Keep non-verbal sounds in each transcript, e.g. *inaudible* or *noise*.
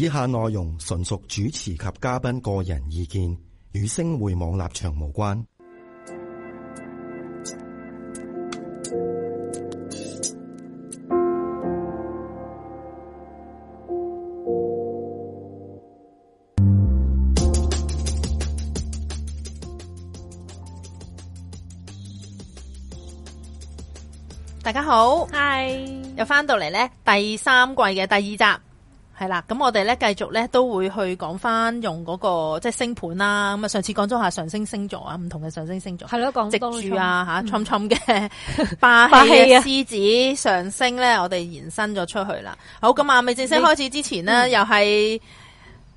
以下內容純屬主持及嘉賓個人意見，與星匯網立場無關。大家好，嗨，又翻到嚟呢第三季嘅第二集。係啦，咁我哋咧繼續咧都會去講翻用嗰，那個即係星盤啦。咁啊，上次講咗下上升星座啊，唔同嘅上升星座係咯，講直住啊吓，特朗普嘅霸氣嘅獅子上升咧，嗯，我哋延伸咗出去啦。好，咁啊，未正式開始之前呢，又係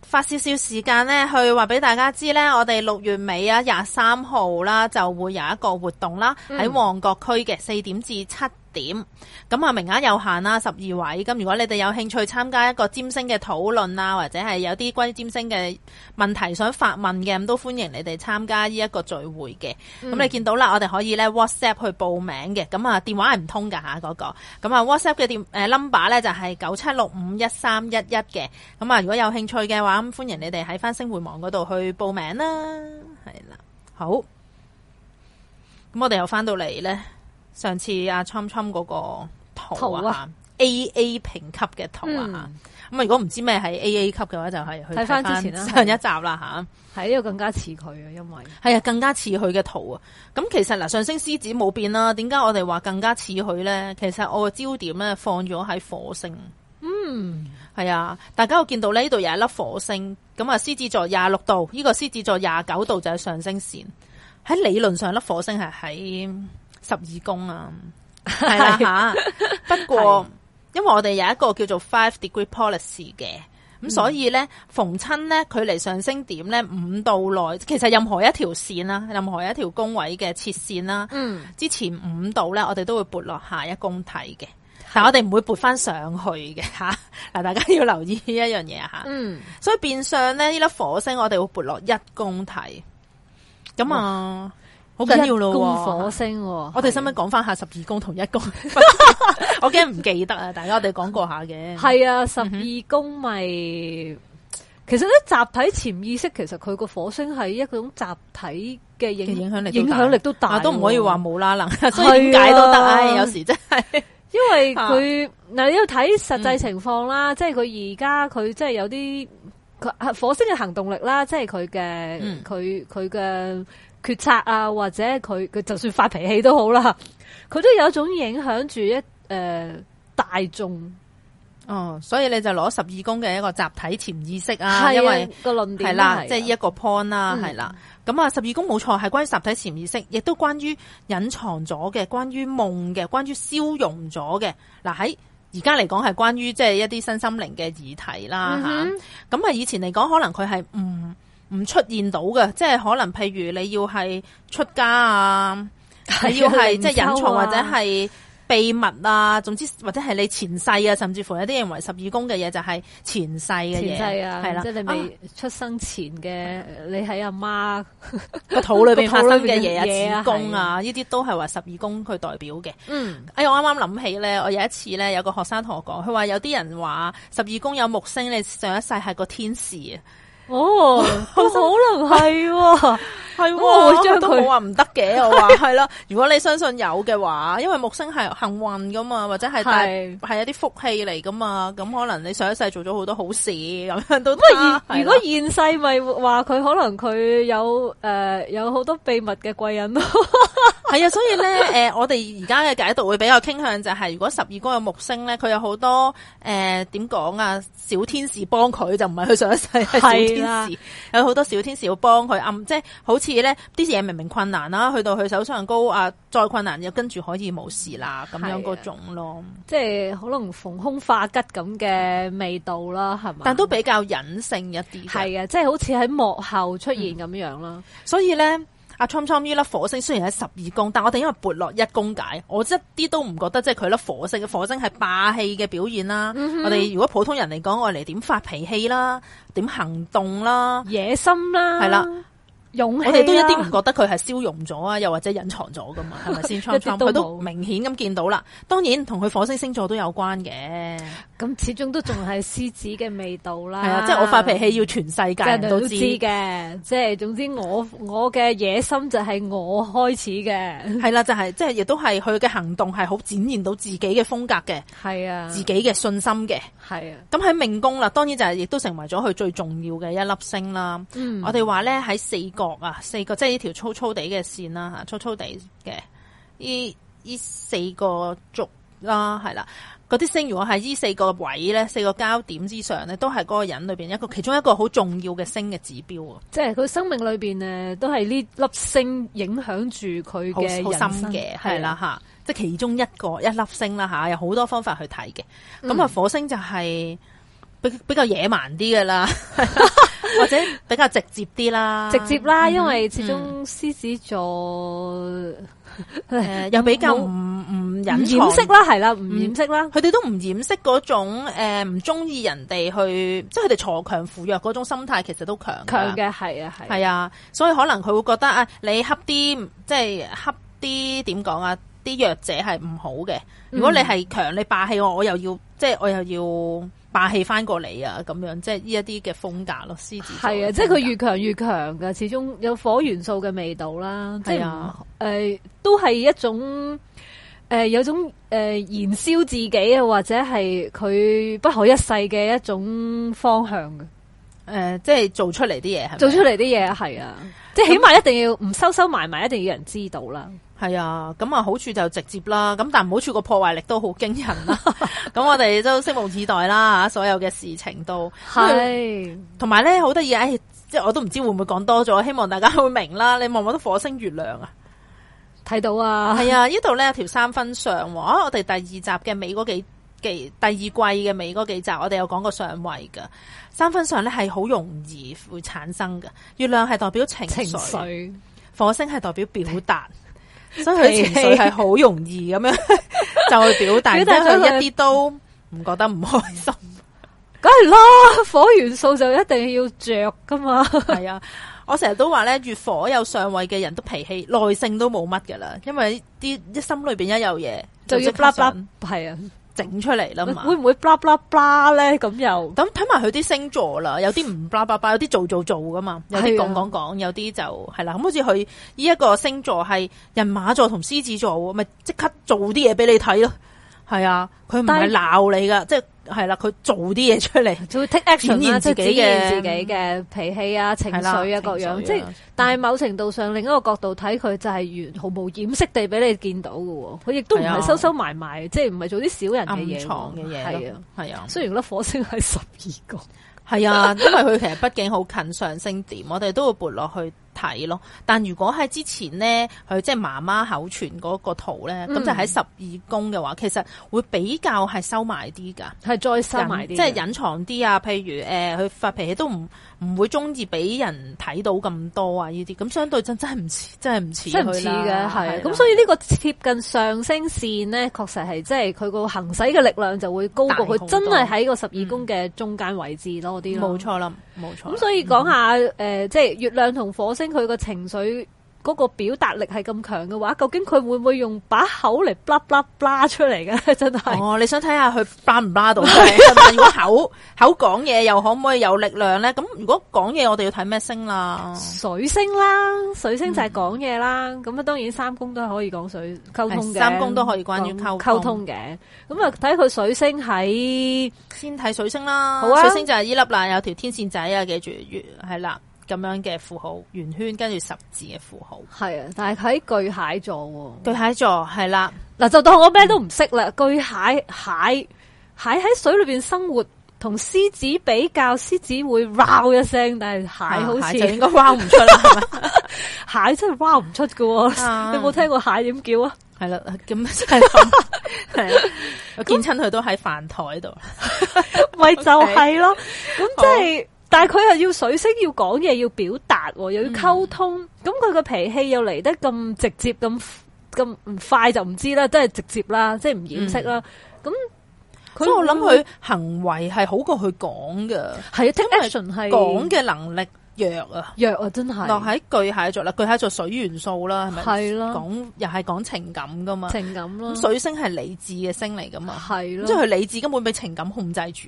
花少少時間咧，嗯，去話俾大家知咧，我哋六月尾啊，廿三號啦，就會有一個活動啦，喺、嗯、旺角區嘅四點至七點。咁啊，名額有限啦，十二位。咁如果你哋有興趣參加一個占星嘅討論啊，或者係有啲關於占星嘅問題想發問嘅，咁都歡迎你哋參加呢一個聚會嘅。咁、嗯、你見到啦，我哋可以咧 WhatsApp 去報名嘅。咁啊，電話係唔通噶吓，嗰個。咁啊，WhatsApp 嘅電誒 number 咧，就係九七六五一三一一嘅。咁啊，如果有興趣嘅話，咁歡迎你哋喺翻星匯網嗰度去報名啦。係啦，好。咁我哋又翻到嚟咧。上次阿 Trump Trump 嗰個圖啊，A A 評級嘅圖啊，咁啊、嗯、如果唔知咩係 A A 級嘅話，就係去睇翻之前啦上一集啦吓。係呢個更加似佢啊，因為係啊，更加似佢嘅圖啊。咁其實嗱，上升獅子冇變啦、啊。點解我哋話更加似佢咧？其實我個焦點咧放咗喺火星。嗯，係啊，大家會見到咧呢度有一粒火星。咁啊，獅子座廿六度，呢、這個獅子座廿九度就係上升線。喺理論上粒火星係喺。十二宮啊，係啦吓。 *laughs* 是 *laughs* 不過因為我哋有一個叫做 Five Degree Policy 嘅，咁、嗯、所以咧逢親咧距離上升點咧五度內，其實任何一條線啦，任何一條宮位嘅切線啦，嗯，之前五度咧我哋都會撥落下一宮睇嘅，但我哋唔會撥翻上去嘅吓。嗱、啊，大家要留意呢一樣嘢吓。嗯，所以變相咧呢粒火星我哋會撥落一宮睇，咁啊。嗯。好緊要咯，火星，啊啊啊啊，我哋使唔使講翻下十二宮同一宮？啊、 *laughs* 我驚唔記得啊！大家我哋講過一下嘅，係啊，十二宮咪其實咧集體潛意識，其實佢個火星係一種集體嘅影的影響力，影響力都大，都唔可以話冇啦能，啊，所以點解都得啊，啊！有時真係，因為佢嗱、啊、要睇實際情況啦，嗯、即係佢而家佢即係有啲佢火星嘅行動力啦，即係佢嘅佢佢嘅。嗯決策啊，或者佢佢就算發脾氣都好啦，佢都有一種影響住一誒、呃、大眾哦。所以你就攞十二宮嘅一個集體潛意識啊，是啊因為個論點係啦，即係呢一個 point 啦，啊，係、嗯、啦。咁啊，十二宮冇錯係關於集體潛意識，亦都關於隱藏咗嘅，關於夢嘅，關於消融咗嘅。嗱，喺而家嚟講係關於即係一啲身心靈嘅議題啦吓。咁、嗯、啊，以前嚟講可能佢係唔。嗯唔出現到嘅，即係可能，譬如你要係出家啊，係、啊、要係即係隱藏或者係秘密啊，總之或者係你前世啊，甚至乎有啲認為十二宮嘅嘢就係前世嘅嘢，係啦、啊啊，即係你未出生前嘅、啊，你喺阿媽個肚裏邊發生嘅嘢啊，子宮啊，呢啲、啊、都係話十二宮去代表嘅。嗯，哎，我啱啱諗起咧，我有一次咧，有個學生同我講，佢話有啲人話十二宮有木星，你上一世係個天使啊。哦，可能係喎啊。 *laughs* 係、啊，我都冇話唔得嘅，我話係啦。如果你相信有嘅話，因為木星係幸運噶嘛，或者係係係一啲福氣嚟噶嘛，咁可能你上一世做咗好多好事咁樣都得、啊啊啊啊。如果現世咪話佢可能佢有誒、呃、有好多秘密嘅貴人咯。係 *laughs* 啊，所以咧誒、呃，我哋而家嘅解讀會比較傾向就係、是，如果十二宮有木星咧，佢有好多誒點講啊？小天使幫佢就唔係佢上一世係小天使，啊、有好多小天使要幫佢暗即係好。似咧啲嘢明明困難啦，去到佢手上高啊，再困難又跟住可以冇事啦，咁樣嗰種咯，即係可能逢凶化吉咁嘅味道啦，係嘛？但都比較隱性一啲，係啊，即係好似喺幕後出現咁、嗯、樣咯。所以咧，阿侵侵呢粒火星雖然喺十二宮，但我哋因為撥落一宮解，我一啲都唔覺得即係佢粒火星嘅火星係霸氣嘅表現啦、嗯。我哋如果普通人嚟講，我嚟點發脾氣啦，點行動啦，野心啦，係啦。啊、我哋都一啲唔覺得佢係消融咗啊，又或者隱藏咗噶嘛？係咪先？佢 *laughs* 都，都明顯咁見到啦。當然同佢火星星座都有關嘅。咁始終都仲係獅子嘅味道啦。係 *laughs* 啊，即係我發脾氣要全世界人都知嘅。即係總之我，我我嘅野心就係我開始嘅。係 *laughs* 啦、啊，就係、是、即係亦都係佢嘅行動係好展現到自己嘅風格嘅。係啊，自己嘅信心嘅。係啊。咁喺命宮啦，當然就係亦都成為咗佢最重要嘅一粒星啦、嗯。我哋話咧喺四。角啊，四個即係呢條粗粗地嘅線啦吓，粗粗地嘅，依依四個軸啦，係啦，嗰啲星如果喺呢四個位咧，四個交點之上咧，都係嗰個人裏邊一個其中一個好重要嘅星嘅指標啊，即係佢生命裏邊誒，都係呢粒星影響住佢嘅人生嘅係啦吓，即係其中一個一粒星啦吓，有好多方法去睇嘅，咁、嗯、啊火星就係、是。比比較野蠻啲嘅啦，或者 *laughs* 比較直接啲啦，直接啦，嗯、因為始終獅子座誒、嗯呃、又比較唔唔、嗯、掩掩飾啦，係、嗯、啦，唔掩飾啦，佢哋都唔掩飾嗰種誒唔中意人哋去，即係佢哋鋤強扶弱嗰種心態，其實都強強嘅。係啊，系係啊，所以可能佢會覺得啊，你恰啲即係恰啲點講啊，啲弱者係唔好嘅，嗯，如果你係強，你霸氣我，我又要即係我又要。霸氣翻過嚟啊！咁樣，即係呢一啲嘅風格咯，獅子係啊，即係佢越強越強㗎，始終有火元素嘅味道啦。係啊，誒、呃，都係一種誒、呃，有種誒、呃，燃燒自己啊，或者係佢不可一世嘅一種方向嘅。誒、呃，即係做出嚟啲嘢係咪？做出嚟啲嘢係啊， *laughs* 即係起碼一定要唔收收埋埋，一定要有人知道啦。嗯係啊，咁啊好處就直接啦，咁但係唔好處個破壞力都好驚人啦。咁 *laughs* 我哋都拭目以待啦 *laughs* 所有嘅事情都係。同埋咧，好得意，誒，即、哎、係我都唔知會唔會講多咗，希望大家會明啦。你望唔望到火星、月亮啊？睇到啊，係啊，這裡呢度咧有條三分上，啊、我哋第二集嘅尾嗰幾幾，第二季嘅尾嗰幾集，我哋有講過上位噶三分上咧係好容易會產生噶。月亮係代表情緒，火星係代表表達。所以佢情緒係好容易咁樣 *laughs* *laughs* 就去表達，跟佢一啲都唔覺得唔開心。梗係啦，火元素就一定要着噶嘛。係 *laughs* 啊，我成日都話咧，月火有相位嘅人都脾氣耐性都冇乜噶啦，因為啲一心裏邊一有嘢就要甩甩，係啊。彌彌整出嚟啦嘛，會唔會 blah blah blah 呢？咁又咁睇埋佢啲星座啦，有啲唔 blah blah blah，有啲做做做噶嘛，有啲講講講，有啲就係啦。咁好似佢呢一個星座係人馬座同獅子座，咪即刻做啲嘢俾你睇咯。係啊，佢唔係鬧你噶，即係。係啦，佢做啲嘢出嚟，就會 take action 啊，展現自己嘅脾氣啊、情緒啊、情緒啊各樣。啊、即係，但係某程度上、嗯，另一個角度睇，佢就係完毫無掩飾地俾你見到嘅。佢亦都唔係收收埋埋，即係唔係做啲小人嘅嘢，暗藏嘅嘢。係啊，係啊。雖然粒火星係十二個，係啊， *laughs* 因為佢其實畢竟好近上升點，我哋都會撥落去。睇咯，但如果喺之前咧，佢即係媽媽口傳嗰個圖咧，咁、嗯、就喺十二宮嘅話，其實會比較係收埋啲噶，係再收埋啲，即係隱藏啲啊。譬如誒，佢、呃、發脾氣都唔唔會中意俾人睇到咁多啊，呢啲咁相對真真係唔似，真係唔似，不似的，真係唔似嘅，係咁。咁所以呢個貼近上升綫咧，確實係即係佢個行駛嘅力量就會高過佢真係喺個十二宮嘅中間位置多啲咯，冇錯啦。沒錯啦。冇錯，咁所以講下誒，即、嗯、係、呃就是，月亮同火星佢個情緒。嗰、那個表達力係咁強嘅話，究竟佢會唔會用把口嚟卜卜拉出嚟嘅？ *laughs* 真係哦，你想睇下佢翻唔拉到？問 *laughs* 個口口講嘢又可唔可以有力量咧？咁如果講嘢，我哋要睇咩星啦？水星啦，水星就係講嘢啦。咁、嗯、啊，那當然三宮都係可以講水溝通嘅，三宮都可以關於溝溝通嘅。咁啊，睇佢水星喺先睇水星啦。好啊，水星就係呢粒啦，有條天線仔啊，記住，係啦。咁樣嘅符號，圓圈跟住十字嘅符號，係啊，但係佢喺巨、哦、巨蟹座，巨蟹座係啦，嗱、啊、就當我咩都唔識啦。巨蟹蟹蟹喺水裏邊生活，同獅子比較，獅子會喵一聲，但係蟹好似應該喵唔出啦，蟹， *laughs* 是吧 *laughs* 蟹真係喵唔出噶、哦啊，你有冇聽過蟹點叫啊？係啦、啊，咁係啦， *laughs* *laughs* 我見親佢都喺飯台度，咪 *laughs* *laughs* 就係咯，咁即係。但係佢係要水星要講嘢，要表達，又要溝通，咁佢個脾氣又嚟得咁直接咁咁快就唔知啦，真係直接啦，即係唔掩飾啦。咁、嗯，所以我諗佢行為係好過佢講噶，係啊，action 講嘅能力弱，弱啊，弱啊真係。落喺巨蟹座啦，巨蟹座水元素啦，係咪係啦？講又係講情感噶嘛？情感囉。水星係理智嘅星嚟噶嘛？係咯，即係佢理智根本俾情感控制住。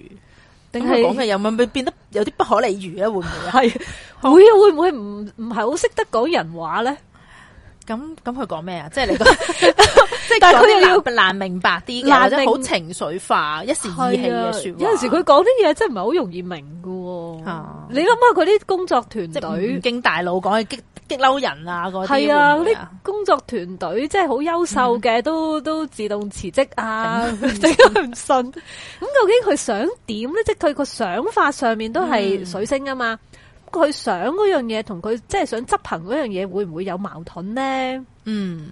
定係講嘅又會唔會變得有啲不可理喻啊？會唔會啊？係會啊？會唔會唔唔係好識得講人話咧？咁咁佢講咩啊？即係你，即係但係佢又要難明白啲，或者好情緒化，一時意氣嘅說話。有陣時佢講啲嘢真係唔係好容易明噶。你諗下佢啲工作團隊經大佬講嘅激，激嬲人啊！嗰啲係啊，啲工作團隊即係好優秀嘅、嗯，都都自動辭職啊！你係唔信？咁 *laughs* 究竟佢想點咧？即係佢個想法上面都係水星啊嘛。佢、嗯、想嗰樣嘢同佢即係想執行嗰樣嘢，會唔會有矛盾咧？嗯。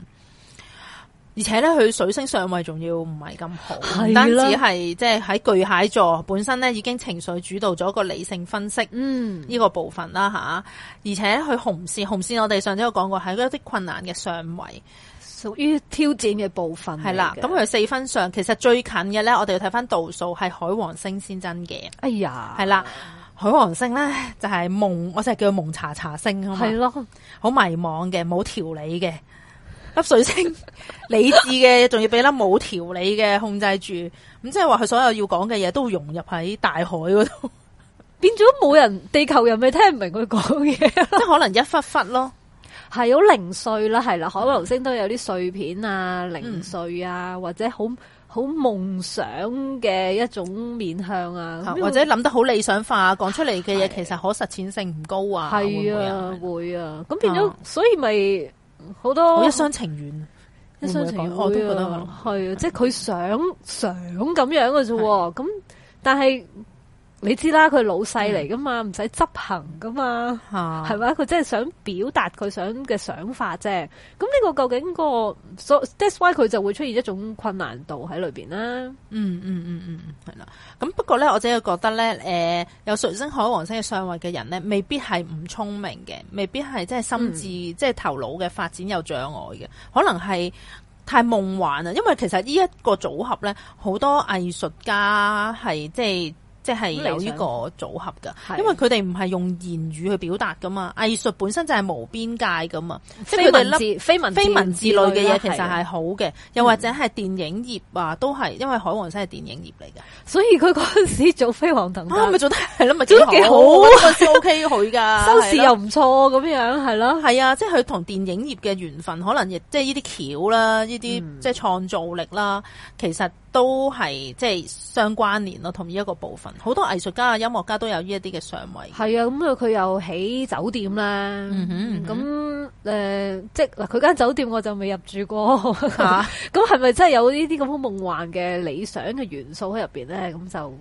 而且咧，佢水星上位仲要唔係咁好，唔單止係即係喺巨蟹座本身咧，已經情緒主導咗個理性分析這分，嗯，呢個部分啦吓。而且佢紅線，紅線我哋上次有講過係一啲困難嘅上位，屬於挑戰嘅部分係啦。咁佢四分上，其實最近嘅咧，我哋要睇翻度數係海王星先真嘅。哎呀，係啦，海王星咧就係、是、夢，我成日叫夢查查星係咯，好迷茫嘅，冇條理嘅。粒 *laughs* 水星理智嘅，仲要俾粒冇條理嘅控制住，咁即係話佢所有要講嘅嘢都融入喺大海嗰度，變咗冇人地球人咪聽唔明佢講嘢，即 *laughs* 係可能一忽忽咯，係好零碎啦，係啦，海王星都有啲碎片啊、零碎啊，嗯、或者好好夢想嘅一種面向啊，嗯、或者諗得好理想化，講出嚟嘅嘢其實可實踐性唔高啊，係啊，啊，會啊，咁變咗、啊，所以咪。好多一廂情願，一廂情願、哦啊，我都覺得係啊，即係佢想 *laughs* 想咁樣嘅啫，咁但係。你知啦，佢老細嚟噶嘛，唔、嗯、使執行噶嘛，係、啊、咪？佢真係想表達佢想嘅想法啫。咁呢個究竟、那個所、so,，that's why 佢就會出現一種困難度喺裏面啦。嗯嗯嗯嗯，係、嗯、啦。咁、嗯、不過咧，我真係覺得咧，誒、呃，有水星海王星嘅相位嘅人咧，未必係唔聰明嘅，未必係、嗯、即係心智即係頭腦嘅發展有障礙嘅，可能係太夢幻啦，因為其實呢一個組合咧，好多藝術家係即係。即係有呢個組合噶，因為佢哋唔係用言語去表達噶嘛，藝術本身就係無邊界噶嘛，即係佢哋非文字非文字類嘅嘢，其實係好嘅，又或者係電影業啊，都係因為海王星係電影業嚟㗎。所以佢嗰陣時做飛黃騰達啊，咪做得係咯，咪做得幾好，先 OK 佢噶。 *laughs* 收視又唔錯咁樣，係咯，係啊，即係佢同電影業嘅緣分，可能亦即係呢啲橋啦，呢啲即係創造力啦、嗯，其實都係即係相關聯咯，同呢一個部分。好多藝術家啊，音樂家都有呢一啲嘅上位是。係啊，咁佢又起酒店啦。咁、嗯、誒、嗯呃，即係嗱，佢間酒店我就未入住過。咁係咪真係有呢啲咁樣夢幻嘅理想嘅元素喺入邊咧？咁就。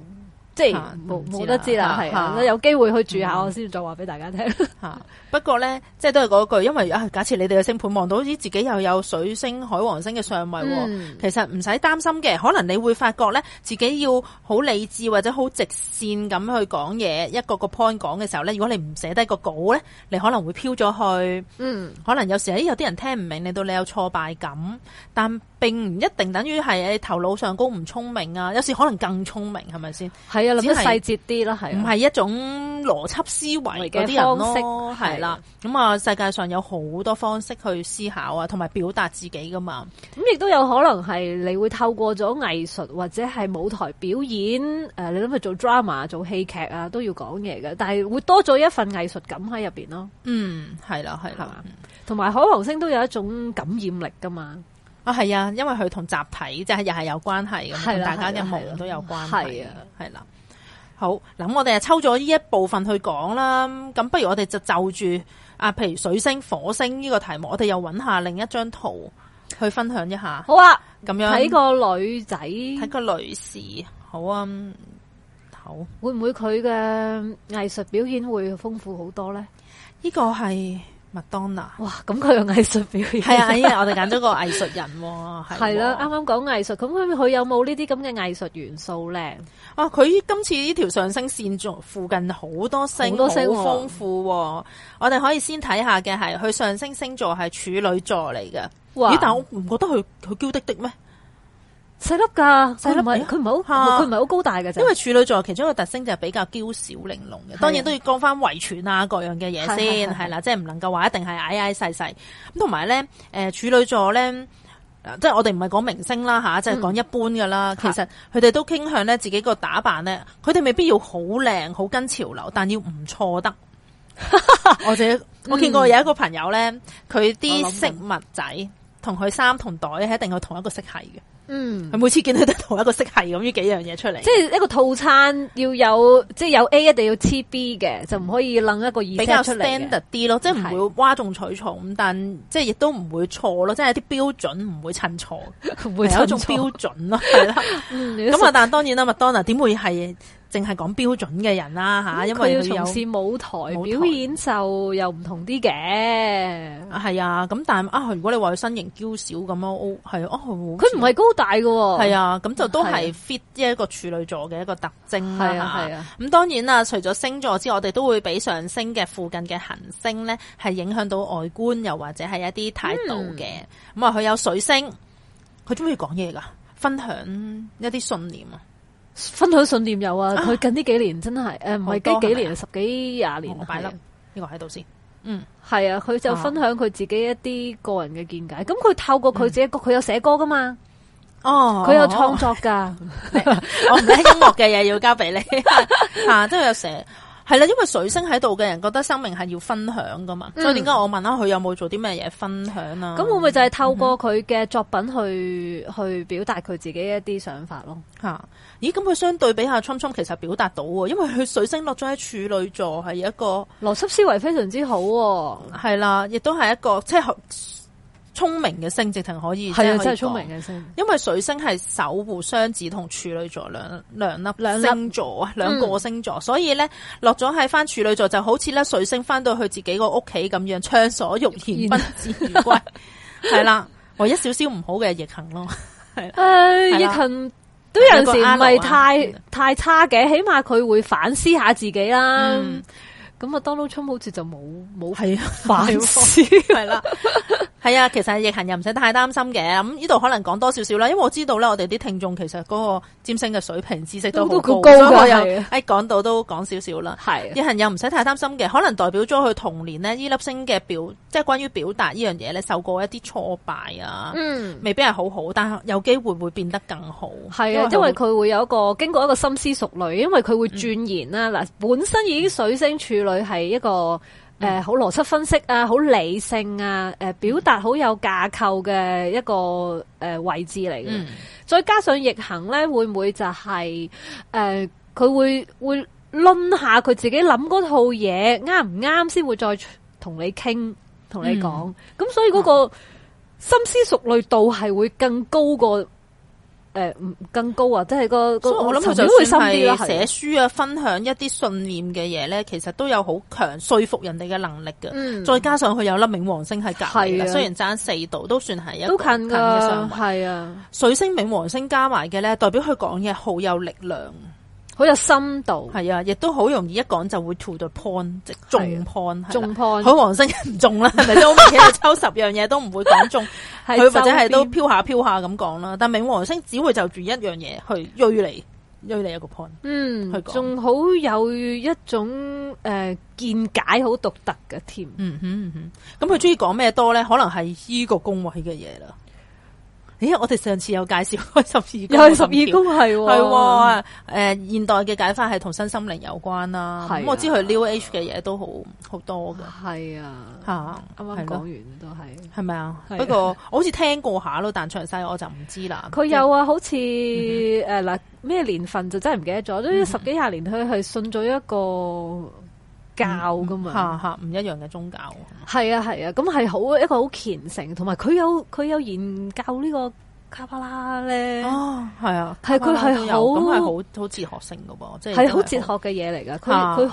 即係冇冇得知啦，係、啊啊、有機會去住下我先再話俾大家聽、啊。吓、啊，啊、 *laughs* 不過咧，即係都係嗰句，因為啊，假設你哋嘅星盤望到好似自己又有水星、海王星嘅相位，嗯、其實唔使擔心嘅。可能你會發覺咧，自己要好理智或者好直線咁去講嘢、嗯，一個個 point 講嘅時候咧，如果你唔寫低個稿咧，你可能會飄咗去。嗯，可能有時候有啲人聽唔明，令到你有挫敗感。但並唔一定等於係誒，頭腦上高唔聰明啊，有時可能更聰明，係咪先？係啊，諗得細節啲咯，係唔係一種邏輯思維嘅方式？係啦、啊，咁啊，世界上有好多方式去思考啊，同埋表達自己噶嘛。咁亦都有可能係你會透過咗藝術或者係舞台表演誒、呃，你諗佢做 drama 做戲劇啊，都要講嘢嘅，但係會多咗一份藝術感喺入邊咯。嗯，係啦、啊，係啦、啊，同埋海王星都有一種感染力噶嘛。係、哦、啊，因為佢同集體即係又係有關係咁，同、啊、大家嘅互動都有關係啊，係啦、啊啊啊啊。好，嗱，我哋啊抽咗呢一部分去講啦。咁不如我哋就就住啊，譬如水星、火星呢個題目，我哋又揾下另一張圖去分享一下。好啊，咁樣睇個女仔，睇個女士，好啊，好。會唔會佢嘅藝術表現會豐富好多咧？呢、這個係。麥當娜，哇！咁佢 *laughs* 個藝術表現係啊，因為我哋揀咗個藝術人，係啦。啱啱講藝術，咁佢佢有冇呢啲咁嘅藝術元素咧？啊！佢今次呢條上升綫座附近好多星，好多星，啊，好豐富，啊。我哋可以先睇下嘅係，佢上升星座係處女座嚟嘅。咦？但我唔覺得佢佢嬌滴滴咩？細粒噶，細粒，佢唔係佢唔好，佢唔係好高大嘅，因為處女座其中一個特徵就係比較嬌小玲瓏嘅、啊，當然都要講翻遺傳啊各樣嘅嘢先，係、就是呃、啦，即係唔能夠話一定係矮矮細細咁，同埋咧，誒處女座咧，即係我哋唔係講明星啦吓，即係講一般噶啦、嗯，其實佢哋都傾向咧自己個打扮，咧，佢哋未必要好靚好跟潮流，但要唔錯得。 *laughs* *laughs* 我仲、嗯，我見過有一個朋友咧，佢啲飾物仔。同佢衫同袋係一定係同一個色系嘅，嗯，佢每次見到都同一個色系咁呢幾樣嘢出嚟，即係一個套餐要有，即係有 A 一定要黐 B 嘅、嗯,就唔可以楞一個意思出嚟，比較 standard 啲咯，即係唔會嘩眾取寵，但即係亦都唔會錯咯，即係啲標準唔會襯錯，係 *laughs* 有一種標準咯，係 *laughs* 啦是的，咁 *laughs* 啊、嗯，但係當然啦，麥當娜點會係？淨係講標準嘅人啦吓，因為佢要從事舞台表演，有表演就又唔同啲嘅。係啊，咁但係啊，如果你話佢身形嬌小咁樣，係、哦、啊，佢唔係高大㗎、哦。係啊，咁就都係 fit 一個處女座嘅一個特徵啦。係啊、咁、啊、當然啊，除咗星座之外，我哋都會俾上升嘅附近嘅行星咧，係影響到外觀，又或者係一啲態度嘅。咁、嗯、啊，佢有水星，佢中意講嘢噶，分享一啲信念啊。分享信念，有啊，佢近呢幾年真係，誒唔係幾幾年，是是十幾廿年。唔擺粒呢個喺度先。嗯，係啊，佢就分享佢自己一啲個人嘅見解。咁、啊、佢、嗯、透過佢自己，佢有寫歌噶嘛？哦，佢有創作噶。哦、 *laughs* *laughs* *laughs* 我唔係音樂嘅嘢要交俾你。吓、 *laughs* *laughs* *laughs* 啊，都有寫。係啦，因為水星喺度嘅人覺得生命係要分享噶嘛、嗯，所以點解我問下佢有冇做啲咩嘢分享啊？咁、嗯、會唔會就係透過佢嘅作品去、嗯、去表達佢自己一啲想法咯？吓、啊，咦？咁佢相對比下川普，其實表達到喎，因為佢水星落咗喺處女座，係一個邏輯思維非常之好、啊，係啦，亦都係一個即係。就是聰明嘅星，直情可以係啊真係聰明嘅星，因為水星係守護雙子同處女座兩兩粒兩星座啊，兩、嗯、個星座，所以咧落咗喺翻處女座就好似咧水星翻到去自己個屋企咁樣，暢所欲言，不自而歸，係 *laughs* 啦，唯一少少唔好嘅逆行咯，係、啊，逆行都有時唔係太太差嘅，起碼佢會反思下自己啦。咁、嗯、阿 Donald Trump 好似就冇冇係反思，係 *laughs* 啦。係啊，其實葉恒又唔使太擔心嘅，咁呢度可能講多少少啦。因為我知道咧，我哋啲聽眾其實嗰個占星嘅水平知識都好高嘅，高所以我又喺講到都講少少啦。係葉恒又唔使太擔心嘅，可能代表咗佢童年咧，呢粒星嘅、表，即係關於表達呢樣嘢咧，受過一啲挫敗啊，嗯，未必係好好，但係有機會會變得更好。係啊，因為佢會，會，會有一個經過一個深思熟慮，因為佢會鑽研啦。嗱，嗯，本身已經水星處女係一個。誒、呃，好邏輯分析啊，好理性啊，誒、呃，表達好有架構嘅一個誒、呃、位置嚟嘅、嗯。再加上逆行咧，會唔會就係、是、誒，佢、呃、會會論下佢自己諗嗰套嘢啱唔啱先會再同你傾，同你講。咁、嗯、所以嗰個深思熟慮度係會更高過。誒、呃，更高啊！即係個、嗰個，所以我諗佢就算係寫書啊，分享一啲信念嘅嘢咧，其實都有好強說服人哋嘅能力嘅、嗯。再加上佢有粒冥王星係隔籬，雖然爭四度，都算係都近上係啊，水星冥王星加埋嘅咧，代表佢講嘢好有力量，好有深度。係啊，亦都好容易一講就會 to the point，即中 point，中 point。王星唔中啦，係咪 *laughs* 都？其實抽十樣嘢都唔會講中。 *laughs* 佢或者係都飄下飄下咁講啦，但冥王星只會就住一樣嘢去堆嚟堆嚟一個 point，嗯，去講仲好有一種誒、呃、見解好獨特嘅添，嗯咁佢中意講咩多咧、嗯？可能係呢個宮位嘅嘢啦。咦！我哋上次有介紹過十二宮，又有十二宮係，係喎、哦哦呃。現代嘅解法係同身心靈有關啦。咁、啊、我知佢 New Age 嘅嘢都好好多嘅。係啊，嚇啱啱講完都係，係咪啊，啊？不過我好似聽過下咯，但詳細我就唔知啦。佢有啊，好似嗱咩年份就真係唔記得咗，都、嗯就是、十幾廿年佢係信咗一個。教噶嘛，吓吓唔一樣嘅宗教。係啊係啊，咁係好一個好虔誠，同埋佢有佢有研究呢個卡巴拉咧。哦，係啊，係佢係好咁係好好哲學性噶喎，即係好哲學嘅嘢嚟噶。佢佢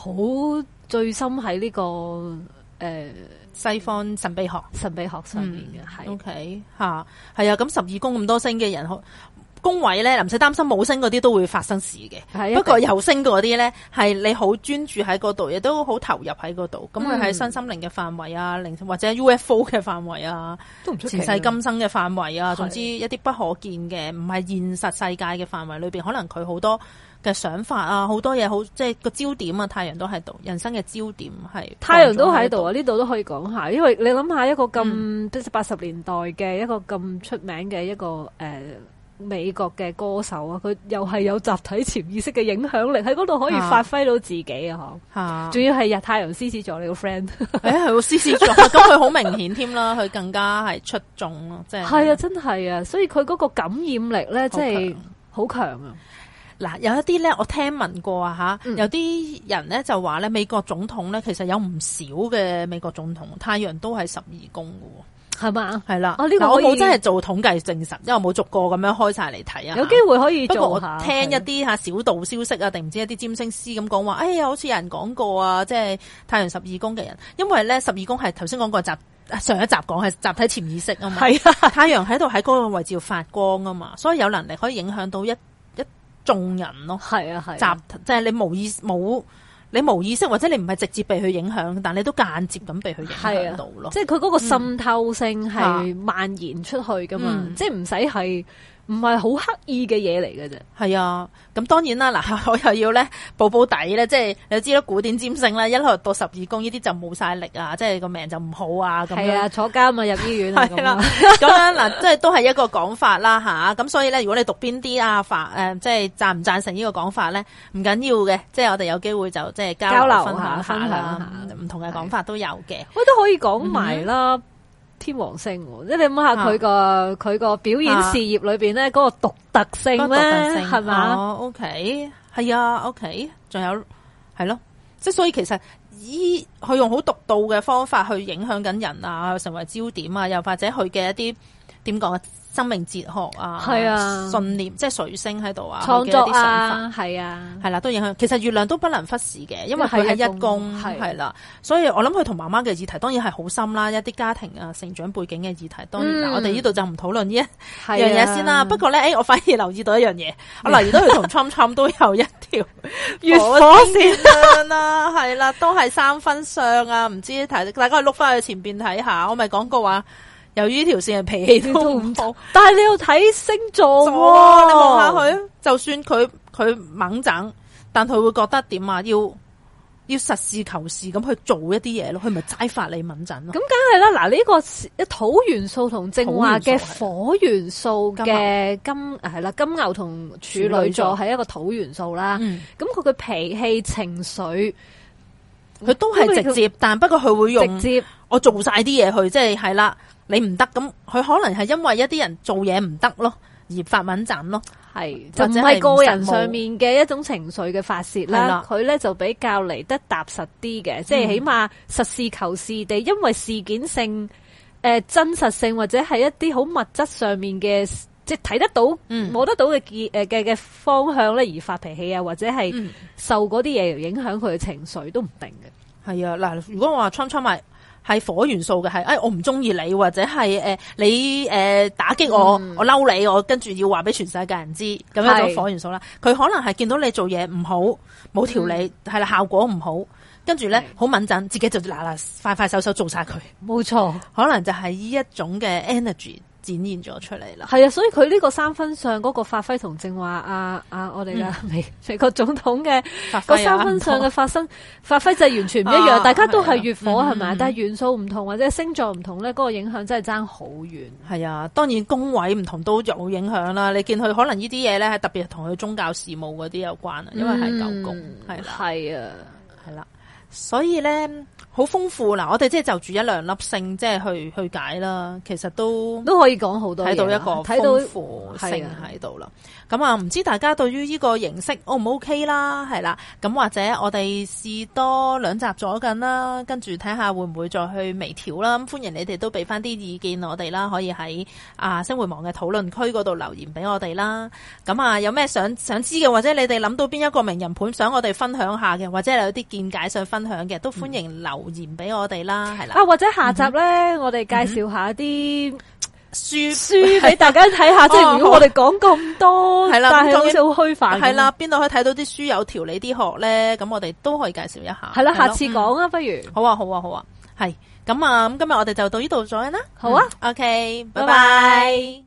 好醉心喺呢個誒、呃、西方神秘學、神秘學上面嘅。係、嗯、，OK 吓，係啊，咁十二宮咁多星嘅人。宮位咧，唔使擔心冇星嗰啲都會發生事嘅。係，不過有星嗰啲咧，係你好專注喺嗰度，亦都好投入喺嗰度。咁佢喺身心靈嘅範圍啊，或者 UFO 嘅範圍啊都，前世今生嘅範圍啊，總之一啲不可見嘅，唔係現實世界嘅範圍裏邊，可能佢好多嘅想法啊，好多嘢好，即係個焦點啊。太陽都喺度，人生嘅焦點係太陽都喺度啊！呢度都可以講下，因為你諗下一個咁，八十年代嘅，嗯、一個咁出名嘅一個誒。呃美國嘅歌手啊，佢又係有集體潛意識嘅影響力喺嗰度，在那裡可以發揮到自己啊！嗬、啊，仲要係日太陽獅子座你個 friend，誒係個獅子座，咁佢好明顯添啦，佢 *laughs* 更加係出眾咯，即係係啊，真係啊，所以佢嗰個感染力咧，即係好強啊！嗱，有一啲咧，我聽聞過啊，吓、嗯、有啲人咧就話咧，美國總統咧，其實有唔少嘅美國總統太陽都係十二宮嘅。係嘛，係啦、啊這個。我冇真係做統計證實，因為冇逐個咁樣開晒嚟睇啊。有機會可以做下。不過我聽一啲吓小道消息啊，定唔知一啲占星師咁講話？哎呀，好似有人講過啊，即係太陽十二宮嘅人。因為咧，十二宮係頭先講過集，上一集講係集體潛意識啊嘛。係啊，太陽喺度喺嗰個位置要發光啊嘛，所以有能力可以影響到一一眾人咯。係啊係，集即係你無意冇。無你冇意識，或者你唔係直接被佢影響，但你都間接咁被佢影響到咯、啊。即係佢嗰個滲透性係、嗯、蔓延出去噶嘛，嗯、即係唔使係。唔係好刻意嘅嘢嚟嘅啫，係啊，咁當然啦，嗱，我又要咧保保底咧，即係你知啦，古典占星啦，一落到十二宮呢啲就冇晒力啊，即係個命就唔好啊，咁樣、啊、坐監啊，入醫院咁樣是啊，咁樣嗱，即係都係一個講法啦，吓 *laughs* 咁、啊、所以咧，如果你讀邊啲啊，法誒、呃，即係贊唔贊成個呢個講法咧，唔緊要嘅，即係我哋有機會就即係交流下分享唔同嘅講法都有嘅，我都可以講埋啦。天王星，即係你諗下佢個佢個表演事業裏邊咧，嗰、啊，那個獨特性咧，係嘛？哦，OK，係啊，OK，仲有係咯，即係、啊、所以其實咦，佢用好獨到嘅方法去影響緊人啊，成為焦點啊，又或者佢嘅一啲。點講啊？生命哲學啊，係啊信念，即係水星喺度啊，創作啊，係啊，係啦、啊啊，都影響。其實月亮都不能忽視嘅，因為佢喺一宮。係啦、啊啊啊。所以我諗佢同媽媽嘅議題，當然係好深啦。一啲家庭啊，成長背景嘅議題，當然啦。嗯、但我哋呢度就唔討論呢一樣嘢、啊、先啦。不過咧，誒、哎，我反而留意到一樣嘢、啊，我留意到佢同 Trump 都有一條月火線啦，係 *laughs* 啦、啊 *laughs* 啊，都係三分相啊。唔知大家去碌翻去前邊睇下。我咪講過話、啊。由於條線嘅脾氣都唔好，好，但係你要睇星座，哦，你望下佢，就算佢佢猛整，但佢會覺得點啊？要要實事求是咁去做一啲嘢咯，佢咪齋發你猛整咯？咁梗係啦！嗱，呢、這個土元素同正話嘅火元素嘅金，係啦，金牛同處女座係一個土元素啦。咁佢嘅脾氣情緒，佢都係直接是，但不過佢會用直接我做晒啲嘢去，即係，係啦。你唔得咁，佢可能係因為一啲人做嘢唔得咯，而發敏掹咯，係，就係個人上面嘅一種情緒嘅發泄啦。佢咧就比較嚟得踏實啲嘅，嗯，即係起碼實事求是地，因為事件性、誒、呃、真實性或者係一啲好物質上面嘅，即係睇得到、嗯、摸得到嘅嘅嘅方向咧，而發脾氣啊，或者係受嗰啲嘢影響佢嘅情緒都唔定嘅。係啊，嗱，如果我話沖沖埋。係火元素嘅，係誒、哎、我唔中意你或者係誒、呃、你誒、呃、打擊我，嗯、我嬲你，我跟住要話俾全世界人知，咁樣就火元素啦。佢可能係見到你做嘢唔好，冇條理，係、嗯、啦效果唔好，跟住咧好敏感，自己就嗱嗱快快手手做晒佢。冇錯，可能就係呢一種嘅 energy，展現咗出嚟啦，係啊，所以佢呢個三分上嗰個發揮同正話啊，啊，啊我哋嘅美美國總統嘅、啊、個三分上嘅發生發揮就係完全唔一樣、啊，大家都係月火係咪、啊嗯？但係元素唔同或者星座唔同咧，嗰、嗰個影響真係爭好遠。係啊，當然宮位唔同都有影響啦。你見佢可能呢啲嘢咧，特別同佢宗教事務嗰啲有關啊，因為係九宮係，係啊，係啦、啊啊，所以咧。好豐富嗱，我哋即係就住一兩粒星，即係去去解啦。其實都都可以講好多，睇到一個豐富性喺度啦。咁、嗯、啊，唔知大家對於呢個形式 O 唔 O K 啦，係啦，咁或者我哋試多兩集咗緊啦，跟住睇下會唔會再去微調啦。咁歡迎你哋都俾翻啲意見我哋啦，可以喺啊星回網嘅討論區嗰度留言俾我哋啦。咁、嗯、啊，有咩想想知嘅，或者你哋諗到邊一個名人盤想我哋分享下嘅，或者有啲見解想分享嘅，都歡迎留言俾我哋啦，係啦。啊，或者下集呢，嗯、我哋介紹一下啲。書 *laughs* 書俾大家睇下， *laughs* 即係如果我哋講咁多，係、哦、啦，但係好虛、啊、煩。係啦，邊、嗯、度可以睇到啲書有條理啲學咧？咁我哋都可以介紹一下。係啦，下次講啊、嗯，不如好啊，好啊，好啊，係咁啊，今日我哋就到呢度再見啦。好啊，OK，拜拜。Bye bye。